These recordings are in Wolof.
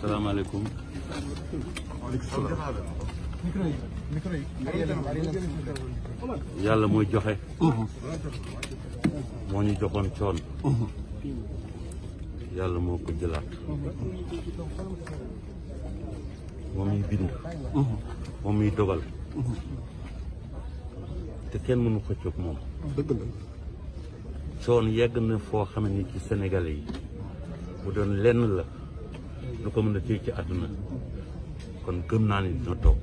salaamaaleykum. yàlla mooy joxe. moo ñu joxoon coon. yàlla moo ko jëlaat. moom miy bind. moom miy dogal. te kenn mënu xëccoog moom. dëgg la. coon yegg na foo xam ne ci Sénégalais yi. bu doon lenn la. lu ko mën a téye ci àdduna kon gëm naa ni dina toog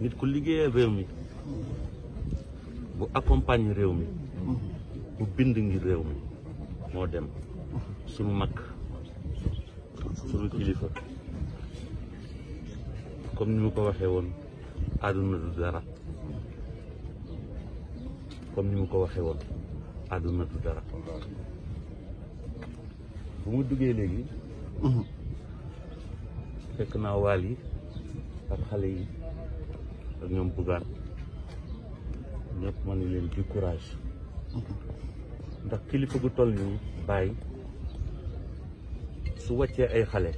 nit ku liggéeyal réew mi bu accompagne réew mi bu bind ngir réew mi moo dem sunu mag sunu kilifa comme ni mu ko waxee woon àdduna du dara comme ni mu ko waxee woon àdduna du dara bu ma duggee léegi. Mhm. fekk naa waal yi ak xale yi ak ñoom bugaar ñëpp ma ne leen di courage mhm. ndax kilifa gu toll nii bàyyi su wàccee ay xale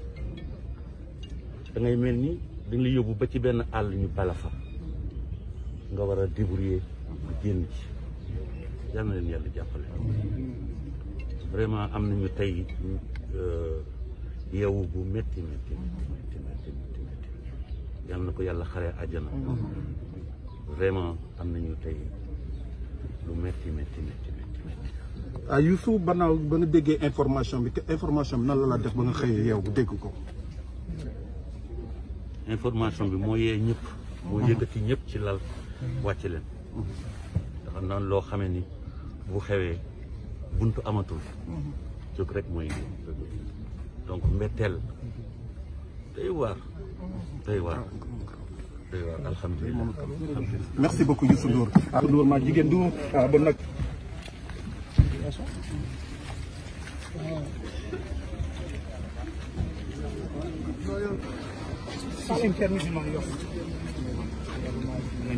dangay mel ni dañ la yóbbu ba ci benn àll ñu bala nga war a débrouiller génn ci yal na yàlla jàppale vraiment am nañu tey euh, yeewu bu metti métti métti na ko yàlla xaree àjjana vraiment am nañu tey lu métti métti métti métti métti ah Youssou banaaw ba nga déggee information bi te information bi na la la def ba nga xëyee yow bu dégg ko information bi moo yee ñépp moo yëkkati ñëpp ci lal wàcc leen ndax naan loo xame ni bu xewee buntu amatul jóg rek mooy donc mbettel day war day war day merci beaucoup Youssou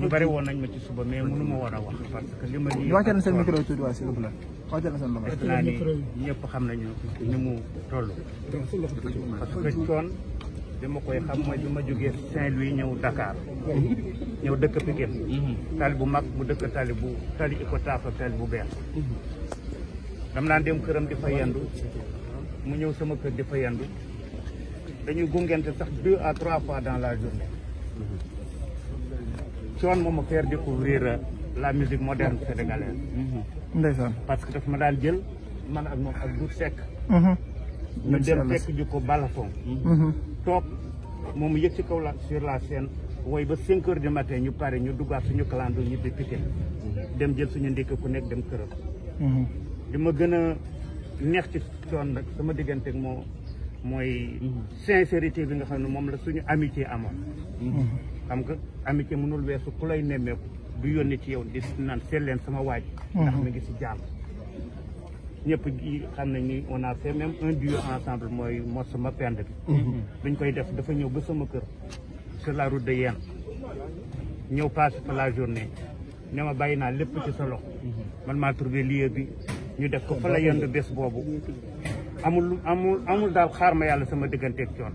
ñu bëri woon nañ ma ci suba mais mënu ma war a wax parce que li ma lii. wàcce na seen micro yi tuuti naa ni ñëpp xam nañu ni mu toll. parce que coon li ma koy xam mooy bi ma jógee Saint-Louis ñëw Dakar. ñëw dëkk Pikine. tali bu mag mu dëkk tali bu tali Icotaf ak tali bu beer. dam naa dem këram di fa yendu mu ñëw sama kër di fa yendu dañuy gungente sax deux à trois fois dans la journée. Thione moom a faire découvrir euh, la musique moderne sénégalaise. Mhm. ndeysaan parce que dafa ma daal jël man ak moom ak Doudou Seck. Mhm. ñu dem fekk ji ko balafon. Mhm. toog moom yëg ci kaw la sur la scène woy ba 5 heures du matin ñu pare ñu duggaat suñu clando ñu di pité dem jël suñu ndékki ku nekk dem këram. li ma gën a neex ci Thione nag sama digganteeg moo mooy sincérité bi nga xam ne moom la suñu amitié amoon. xam nga amitié mënul weesu ku lay nemmeeku du yónni ci yow di naan seet leen sama waaj mhm. ndax mi ngi si jàmm ñëpp gi xam nañ ni on a fait même un duo ensemble mooy mos sama pend bi mhm. buñ koy def dafa ñëw ba sama kër sur la route de ñëw passé fa la journée ne ma bàyyi naa lépp ci sa mhm. man maa trouvé lieu bi ñu def ko fa la yendu bés boobu amul amul amul daal xaar ma yàlla sama digganteeg coon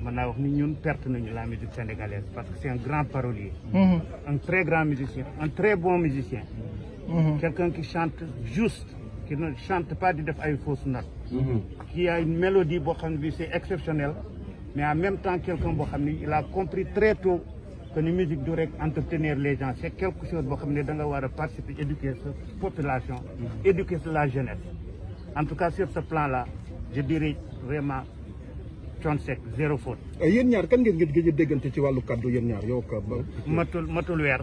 Je wax perte la musique sénégalaise parce que c'est un grand parolier. Mhm. un très grand musicien un très bon musicien. Mhm. quelqu'un qui chante juste qui ne chante pas de def ay fausses notes. Mhm. qui a une mélodie c'est exceptionnel mais en même temps quelqu'un qui il a compris très tôt que la musique doit entretenir les gens c'est quelque chose qui doit ne da nga participer éduquer sa population. éduquer la jeunesse en tout cas sur ce plan là je dirais vraiment. 37 zéro faute. Eh, yéen ñaar kan ngeen wàllu kaddu yéen ñaar yow ka weer.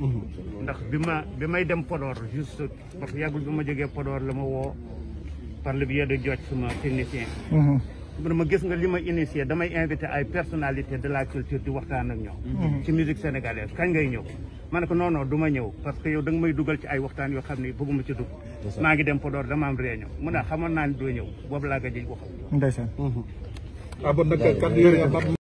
Mhm. ndax bi ma bi dem Podor parce que yàggul bi ma jógee Podor la ma woo par le biais de Diodj suma technicien. Mhm. mu ne gis nga li ma initié damay invité ay personnalité de la culture di waxtaan ak ñoom. Mhm. ci musique sénégalaise kañ ngay ñëw. ma ne noonoo non ma ñëw parce que yow da nga may dugal ci ay waxtaan yoo xam ne bëgguma ci dug maa ngi dem Podor dama am réunion mu ne xamoon naa ne doo ñëw boobu laa gëj a waxal. abon nagkakadiri dia.